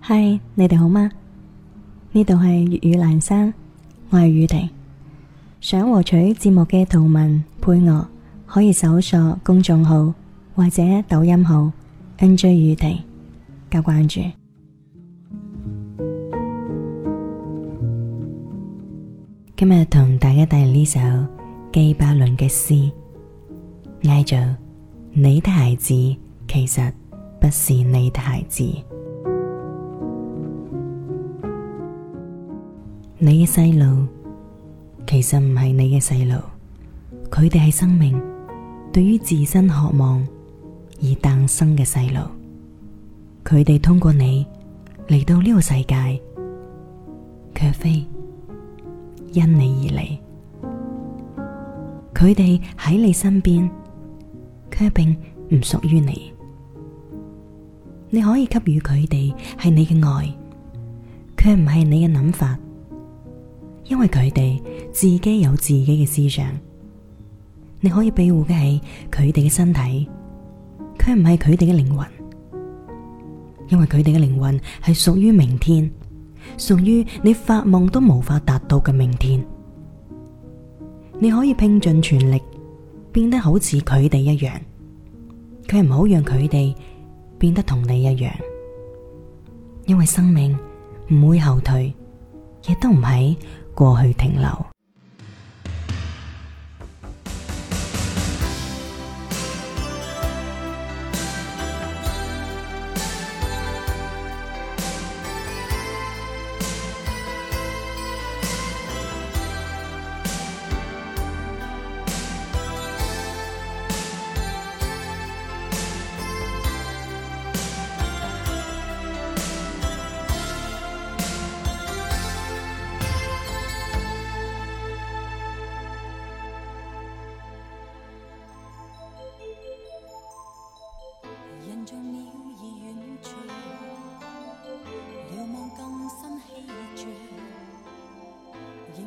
嗨，Hi，你哋好嗎？呢度係粵語闌珊，我係宇婷。想獲取節目嘅圖文配樂，可以搜索公眾號或者抖音號 NJ 宇婷加關注。今日同大家帶嚟呢首紀伯倫嘅詩，叫做你的孩子，其實。不是，不是你的孩子，你嘅細路其實唔係你嘅細路，佢哋係生命對於自身渴望而誕生嘅細路，佢哋通過你嚟到呢個世界，卻非因你而嚟，佢哋喺你身邊，卻並唔屬於你。你可以給予佢哋係你嘅愛，佢唔係你嘅諗法，因為佢哋自己有自己嘅思想。你可以庇護嘅係佢哋嘅身體，佢唔係佢哋嘅靈魂，因為佢哋嘅靈魂係屬於明天，屬於你發夢都無法達到嘅明天。你可以拼盡全力變得好似佢哋一樣，佢唔好讓佢哋。變得同你一樣，因為生命唔會後退，亦都唔喺過去停留。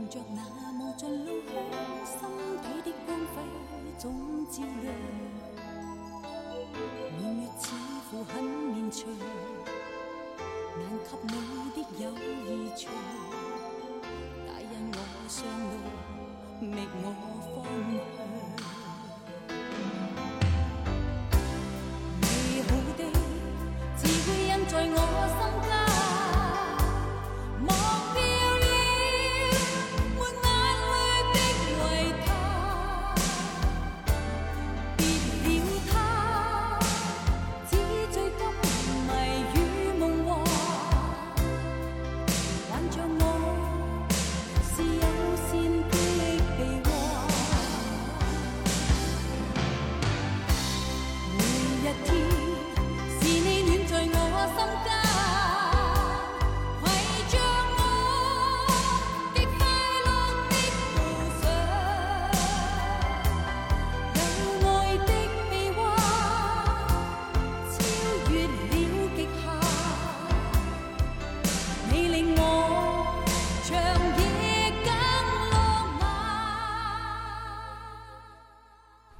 望着那無盡路向，心底的光輝總照亮。年月似乎很綿長，難及你的友誼長。帶引我上路，覓我方向。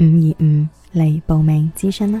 五二五嚟報名諮詢啦！